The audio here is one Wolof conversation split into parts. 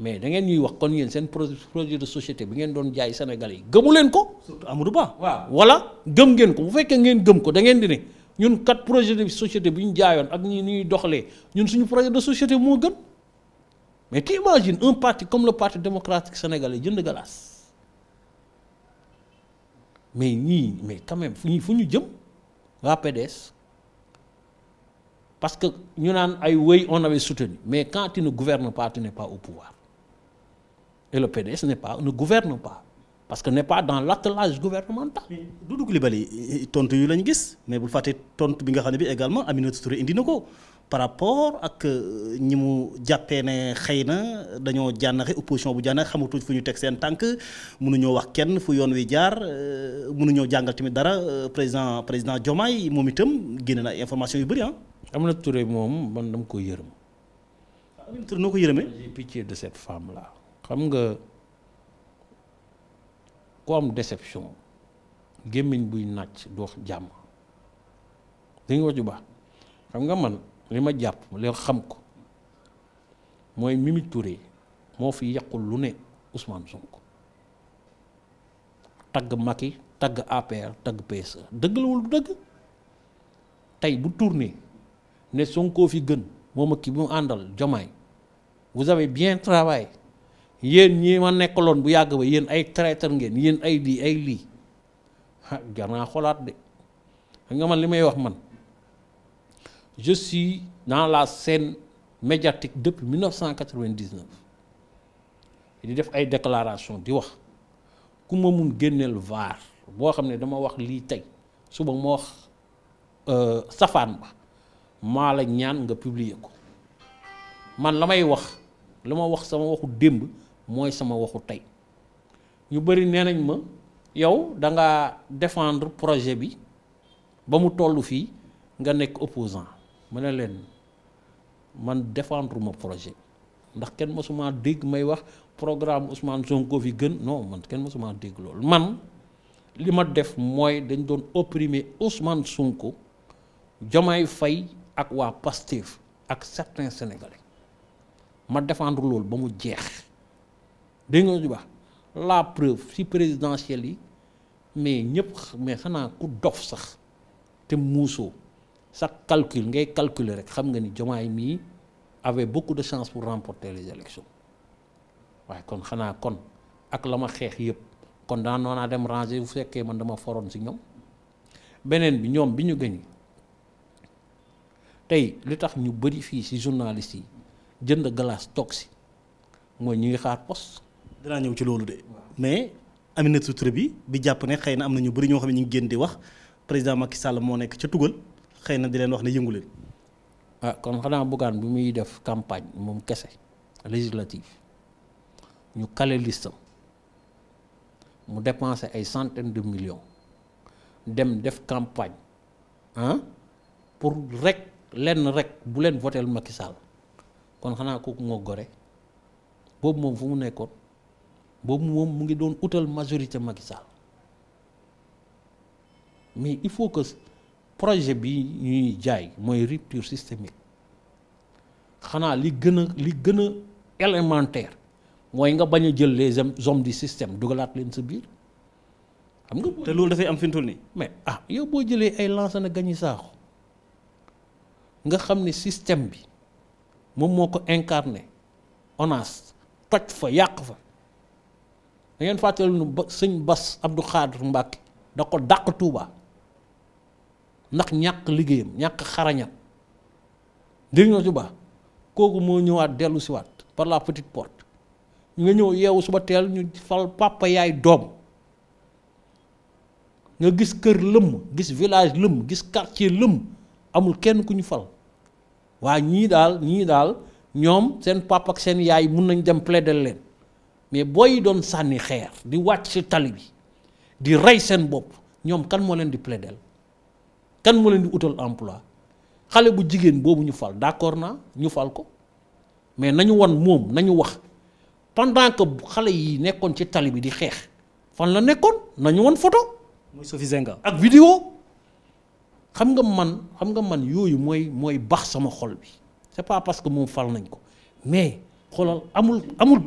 mais da ngeen ñuy wax kon yéen seen projet de société bi ngeen doon jaay Sénégalais yi gëmu leen ko. surtout Amadou Ba. waaw wala gëm ngeen ko bu fekkee ngeen gëm ko da ngeen di ne ñun kat projet de société bi ñu jaayoon ak ni ñuy doxalee ñun suñu projet de société moo gën mais tu imagines un parti comme le parti démocratique sénégalais jënd galaas mais ñii mais quand même fu ñu fu ñu jëm waa PDS parce que ñu naan ay wéy on avait soutenu mais quand tu ne gouvernes pas pas au et le PDS n'est pas ne gouverne pas parce que n'est pas dans l'attelage gouvernemental. Doudou Coulibaly eh, eh, tontu yu lañ gis mais bul fàtte tontu bi nga xam ne bi également Aminata Touré indi na ko par rapport ak euh, ñi mu jàppee ne xëy na dañoo jànnaxe opposition bu jànnaxe xamatuñ fu ñu teg seen tànk mënuñoo wax kenn fu yoon wi jaar euh, mënuñoo jàngal tamit dara euh, président président Diomaye moom itam génne na information yu bëri ah. Aminata Touré moom man dama ko yërëm. Ah, Aminata ko yërëmee. j'ai de cette femme là. xam nga ku am déception gémmiñ buy nàcc doo jàmm dañu waju baax xam nga man li ma jàpp li xam ko mooy Mimi Touré moo fi yàqul lu ne Ousmane Sonko tagg Macky tagg APR tagg PSE dëgg la dëgg tey bu tourné ne Sonko fi gën moom ak ki bu mu àndal Diomaye vous avez bien travaillé yéen ñi ma nekkaloon bu yàgg ba yéen ay traiteur ngeen yéen ay lii ay lii ah jar naa xoolaat de xam nga man li may wax man je suis dans la scène médiatique depuis 1999 di def ay déclaration di wax ku ma mun génneel vaar boo xam ne dama wax lii tey suba ma wax euh, safaan ba maa la ñaan nga publier ko man la may wax la ma wax sama waxu démb mooy sama waxu tey ñu bëri nee nañ ma yow da nga défendre projet bi ba mu toll fii nga nekk opposant ma ne leen man defendre ma projet ndax kenn mësuma dégg may wax programme Ousmane Sonko fi gën non man kenn mësuma dégg loolu man li ma def mooy dañ doon opprimer Ousmane Sonko Diomaye fay ak waa Pastef ak certains sénégalais ma défendre loolu ba mu jeex. dégg nga di baax la preuve si présidentielle yi mais ñëpp mais xanaa ku dof sax te muusoo sa calcule ngay calculer rek xam nga ni Diomaye mii avait beaucoup de chance pour remporter les élections waaye kon xanaa kon ak la ma xeex yëpp kon daan noonaa dem ranger bu sekkee man dama foroon si ñoom beneen bi ñoom bi ñu gëñ tey li tax ñu bëri fii si journaliste yi jënd glace toog si mooy ñu ngi xaar poste dinaa ñëw ci loolu de mais Aminata Touré bi bi jàpp ne xëy na am na ñu bëri ñoo xam ne ñu ngi génn di wax président Macky Sall moo nekk ca tugal xëy na di leen wax ne yëngu leen. ah kon xanaa Bougane bi muy def campagne moom kese législative ñu kale listam mu dépensé ay centaines de millions dem def campagne ah pour rek lenn rek bu leen voteel Macky Sall kon xanaa kooku moo gore boobu moom fu mu nekkoon. boobu moom mu ngi doon utal majorité Macky Sall mais il faut que projet bi ñuy jaay mooy rupture systémique xanaa li gën a li gën a élémentaire mooy nga bañ a jël les hommes di système dugalaat leen sa biir xam nga. te loolu dafay am fintul ni mais ah yow boo jëlee ay lance Lansana Gagny Sakho nga xam ne système bi moom moo ko incarné ONAS toj fa yàq fa. dangeen ngeen fàttali nu sëñ Bas Abdou Khadr Mbacke da ko dàq tuuba ndax ñàkk liggéeyam ñàkk xarañam dégg nga Touba kooku moo ñëwaat dellu si waat par la petite porte nga ñëw yeewu suba teel ñu fal papa yaay doom nga gis kër lëmm gis village lëmm gis quartier lëmm amul kenn ku ñu fal waaye ñii daal ñii daal ñoom seen papa ak seen yaay mun nañ dem plaider leen. mais booy doon sànni xeer di wàcc ci tali bi di rey seen bopp ñoom kan moo leen di plaidel kan moo leen di utal emploi xale bu jigéen boobu ñu fal d'accord naa ñu fal ko mais nañu wan moom nañu wax pendant que xale yi nekkoon ci tali bi di xeex fan la nekkoon nañu wan photo muy suffisant nga ak vidéo xam nga man xam nga man yooyu mooy mooy bax sama xol bi c'est pas parce que moom fal nañ ko mais xoolal amul amul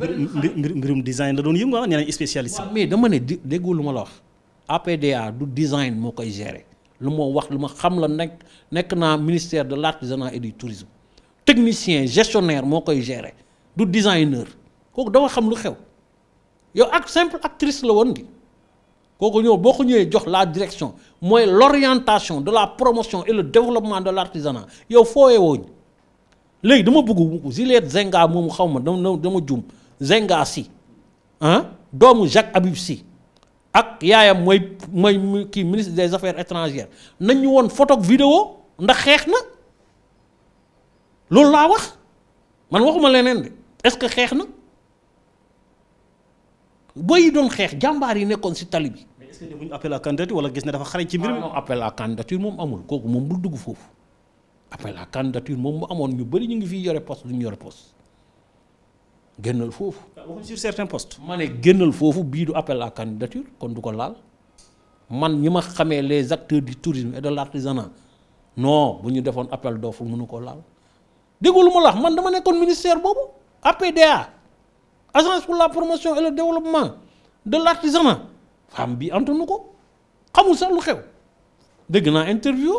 mbirum design la doon yëngu ah nee nañ spécialiste. waaw mais dama ne di déggoo lu ma la wax. APDA du design moo koy gérer lu moo wax lu ma xam la nekk nekk naa ministère de l'artisanat et du tourisme technicien gestionnaire moo koy gérer du designer kooku dafa xam lu xew yow ak simple actrice la woon di kooku ñëw boo ko ñëwee jox la direction mooy l'orientation de la promotion et le développement de l'artisanat yow fooyee wooñu léegi dama bëgg Juliette Zenga moom xaw ma dama dama juum Zenga si ah, doomu Jacques Habib si ak yaayam mooy mooy kii ministre des affaires étrangères nañ ñu woon photo ak vidéo ndax xeex na loolu laa wax man waxuma leneen de est-ce que xeex na booy yi doon xeex jàmbaar yi nekkoon ci tali bi. mais est-ce que bu ñu appel gis ne dafa xarañ ci mbir mi. Ah appel à candidature moom amul kooku moom bul dugg foofu. appel à candidature moom mu amoon ñu bëri ñu ngi fii yore poste du ñu yore poste génnal foofu. Ah, waxuñ sur certains postes. ma ne génnal foofu bii du appel à candidature kon du ko laal man ñi ma xamee les acteurs du tourisme et de l' artisanat non bu ñu defoon appel d'offre munu ko laal déggul ma la man dama nekkoon ministère boobu APDA agence pour la promotion et le développement de l' artisanat femme bi antanu ko xamul sax lu xew dégg naa interview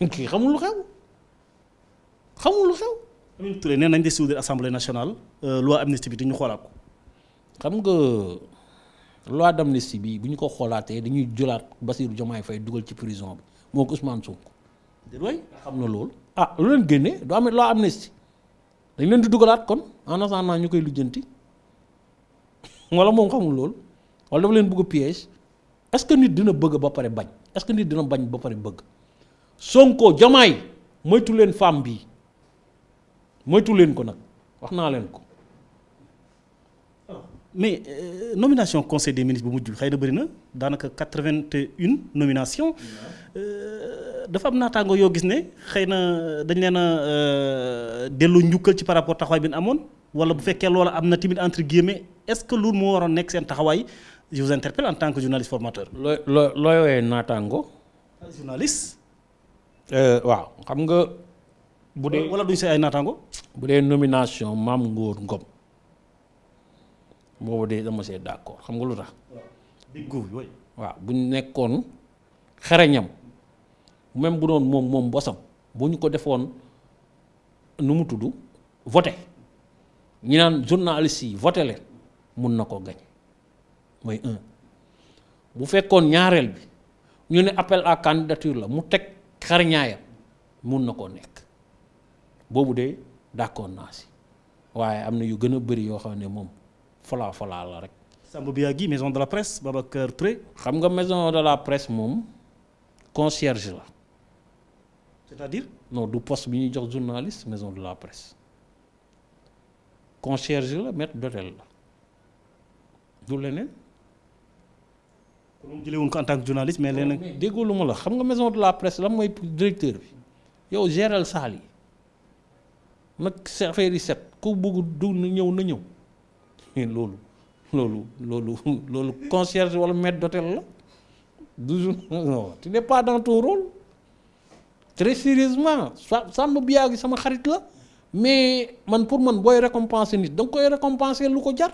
kii xamul lu xew. xamul lu xew. Aminata Touré nee nañ di souder assemblée nationale euh, loi amnistie bi di ñu xoolaat ko. xam nga loi d'amnistie bi bu ñu ko xoolaatee dañuy jëlaat Bassirou Diomaye fay dugal ci prison bi moo ko Ousmane Sonko. déedéet xam na loolu. ah lu leen génnee du amee loi amnistie dañ leen di dugalaat kon en attendant ñu koy lijjanti wala moom xamul lool wala dafa leen bëgg a piège est-ce que nit dina bëgg ba pare bañ est-ce que nit dina bañ ba pare bëgg Sonko Diomaye moytu leen femme bii. moytu leen ko nag wax naa leen ko. mais euh, nomination conseil des ministres bu mujj bi na bëri na daanaka quatre vingt et une nomination euh, dafa am naataangoo yoo gis ne xëy na dañ leen a euh, delloo njukkal ci par rapport taxawaay bi ñu amoon wala bu fekkee loola am na tamit entre guillemets est-ce que lu moo waroon nekk seen taxawaay je vous interpelle en tant que journaliste formateur. looy looy looy naataango. journaliste. Euh, waaw xam nga. bu dee wala duñ see ay naataango. bu dee nomination maam Ngor Ngom boobu de dama see d'accord xam nga lu tax. waaw bu nekkoon xereñam même bu doon moom moom bosam bu ñu ko defoon nu mu tudd voté ñi naan journaliste yi voté leen mun na ko gañ mooy bu fekkoon ñaareel bi ñu ne appel à candidature la mu teg xarñaayam mun na koo nekk boobu de. d'accord naa si waaye am na yu gën a bëri yoo xam ne moom folaa folaa la rek. Samba Biagui maison de la presse Babacar Touré. xam nga maison de la presse moom concierge la. c'est-à-dire. non du poste bi ñuy jox journaliste maison de la presse concierge la maître d'hôtel la du leneen. kon jëlee wuñ ko en tant que journaliste mais leneen. déggoo lu ma la xam nga maison de la presse la mooy directeur bi yow géral saal yi. nag affaire yi set ku bëgg du ñëw na ñëw loolu loolu loolu loolu concierge wala maître d'hôtel la toujours non tu n'es pas dans ton rôle très sérieusement sa sàmm biyaa gi sama xarit la mais man pour man booy récompenser nit da nga koy récompenser lu ko jar